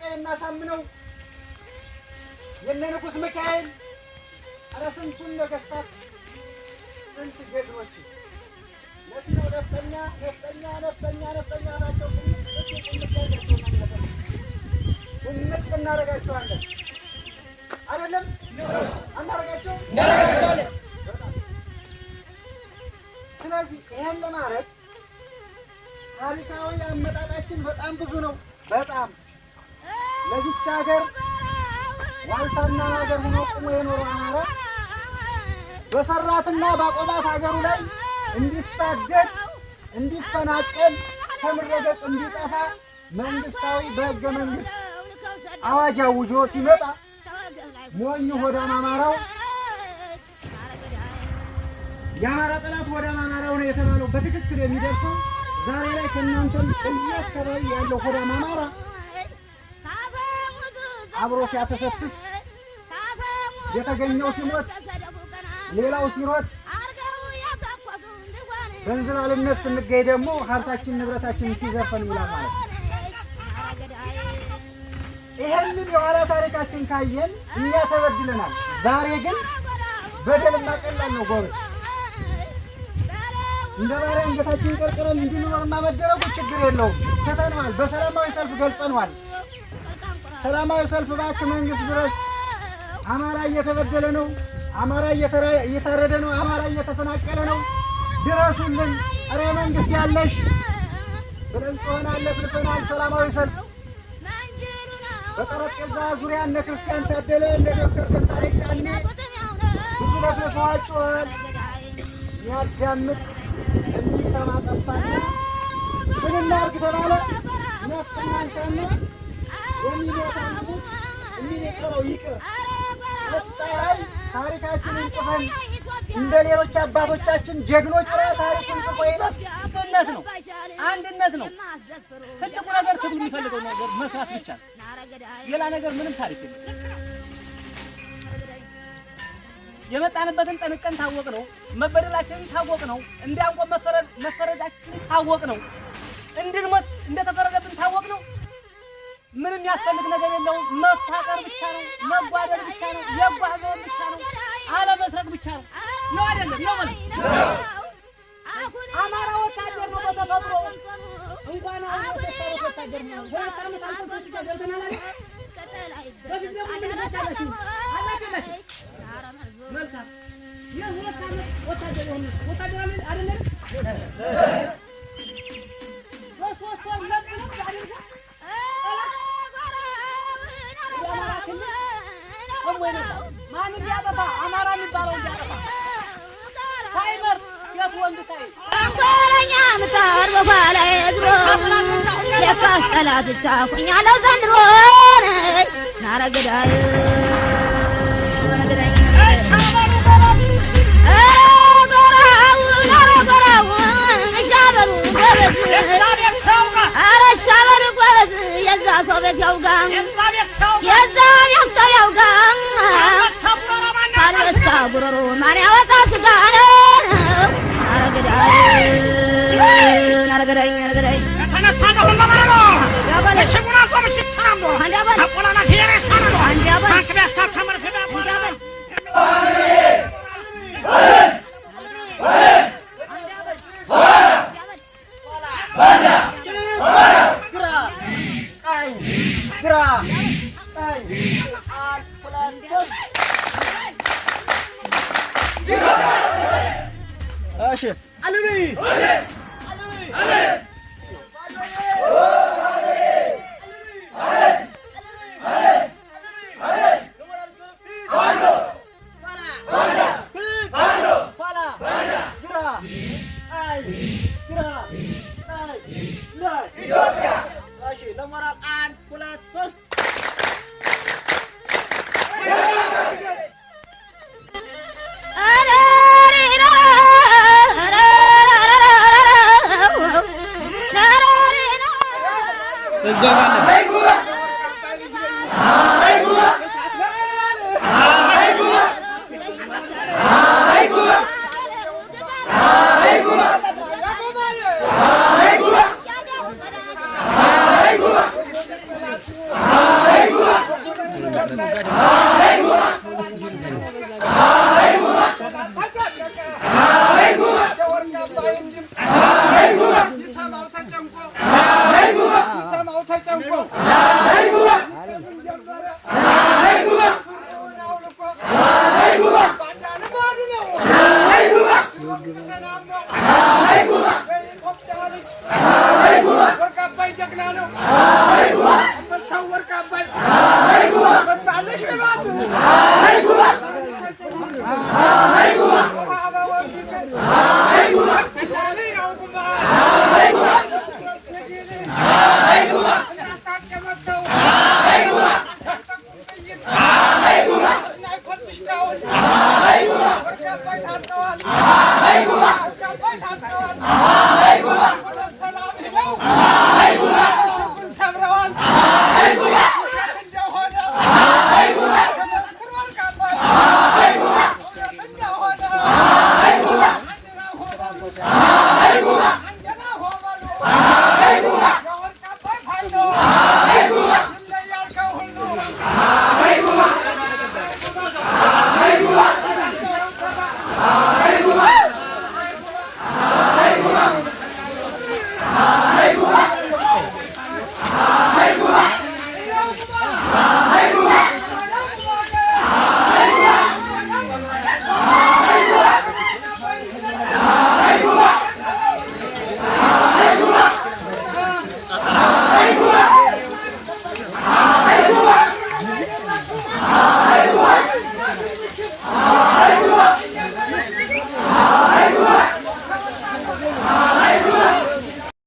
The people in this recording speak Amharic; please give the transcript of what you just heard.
ቀይ እናሳምነው የነ ንጉሥ ሚካኤል ኧረ ስንቱን ነገሥታት ስንት ጀግኖች ለዚህ ነው ነፍጠኛ ነፍጠኛ ነፍጠኛ ነፍጠኛ ናቸው። ድምቅ እናደርጋቸዋለን አይደለም አናደርጋቸው ስለዚህ ይህን ለማድረግ ታሪካዊ አመጣጣችን በጣም ብዙ ነው። በጣም ለዚች ሀገር ዋልታና ሀገር ሆኖ ቆሞ የኖረ አማራ በሰራትና ባቆባት ሀገሩ ላይ እንዲሳደድ፣ እንዲፈናቀል፣ ከምረገጽ እንዲጠፋ መንግስታዊ በህገ መንግስት አዋጅ አውጆ ሲመጣ ሞኙ ሆዳም አማራው የአማራ ጠላት ሆዳም አማራው ነው የተባለው በትክክል የሚደርሰው ዛሬ ላይ ከእናንተም እዚህ አካባቢ ያለው ሆዳም አማራ አብሮ ሲያተሰፍስ የተገኘው ሲሞት ሌላው ሲሮት በእንዝላልነት ስንገኝ ደግሞ ሀብታችን ንብረታችን ሲዘፈን ይውላል ማለት ነው። የኋላ ታሪካችን ካየን እኛ ተበድለናል። ዛሬ ግን በደልና ቀላል ነው። ጎበዝ እንደ ባሪያ አንገታችን ቀርቅረን እንድንኖርማ መደረጉ ችግር የለውም። ትተነዋል። በሰላማዊ ሰልፍ ገልጸነዋል። ሰላማዊ ሰልፍ እባክህ መንግስት ድረስ። አማራ እየተበደለ ነው። አማራ እየታረደ ነው። አማራ እየተፈናቀለ ነው። ድረሱልን። እረ መንግስት ያለሽ ብለን ጮኸን አለፍልፈናል። ሰላማዊ ሰልፍ በጠረጴዛ ዙሪያ እነ ክርስቲያን ታደለ እንደ ዶክተር ደሳሌ ጫኔ ብዙ ለፍልፈዋል፣ ጮኸዋል። ያዳምጥ የሚሰማ ጠፋ። ምን እናድርግ ተባለ ነፍጠናንሳነት የሚነጥለው ይቅር። ቀጣይ ታሪካችንን እንደ ሌሎች አባቶቻችን ጀግኖች ታሪክን ጽፎ ይለፍ። አንድነት ነው፣ አንድነት ነው ትልቁ ነገር። ትግል የሚፈልገው ነገር መስራት ብቻ፣ ሌላ ነገር ምንም ታሪክ የለም። የመጣንበትን ጠንቅቀን ታወቅ ነው፣ መበደላችንን ታወቅ ነው፣ እንዳንቆም መፈረዳችንን ታወቅ ነው፣ እንድንሞት እንደተፈ ምንም የሚያስፈልግ ነገር የለውም። መፋቀር ብቻ ነው፣ መጓደል ብቻ ነው፣ የጓዘር ብቻ ነው፣ አለመስረቅ ብቻ ነው። ነው አይደለም? ነው ማለት አማራ ወታደር ነው በተፈጥሮ እንኳን አሁን ወታደር ወታደር ነው። ሁለት ዓመት አንተሶች ገብተናል አለ በጊዜ ምን ታታለሽ አላችሁ መልካም የሁለት ዓመት ወታደር ነው ወታደር አይደለም ወይ ማን እንዲያጠፋ አማራ የሚባለው እንዲያጠፋ ሳይመርጥ ሴት ወንድ ሳይ አንጎለኛ ምሳር በኋላ እግሮ የካስ ጠላት ቻኩኛለሁ ዘንድሮ ናረግዳይ ሰው ቤት ያውጋ የዛ ቤት ሰው ያውጋ ጉሮሮ ማን ያወጣ ስጋ ነው። Yeah. Alif! Alif! Alif! Alif! ጀግና ነው። আহা হাই গুবা আহা হাই গুবা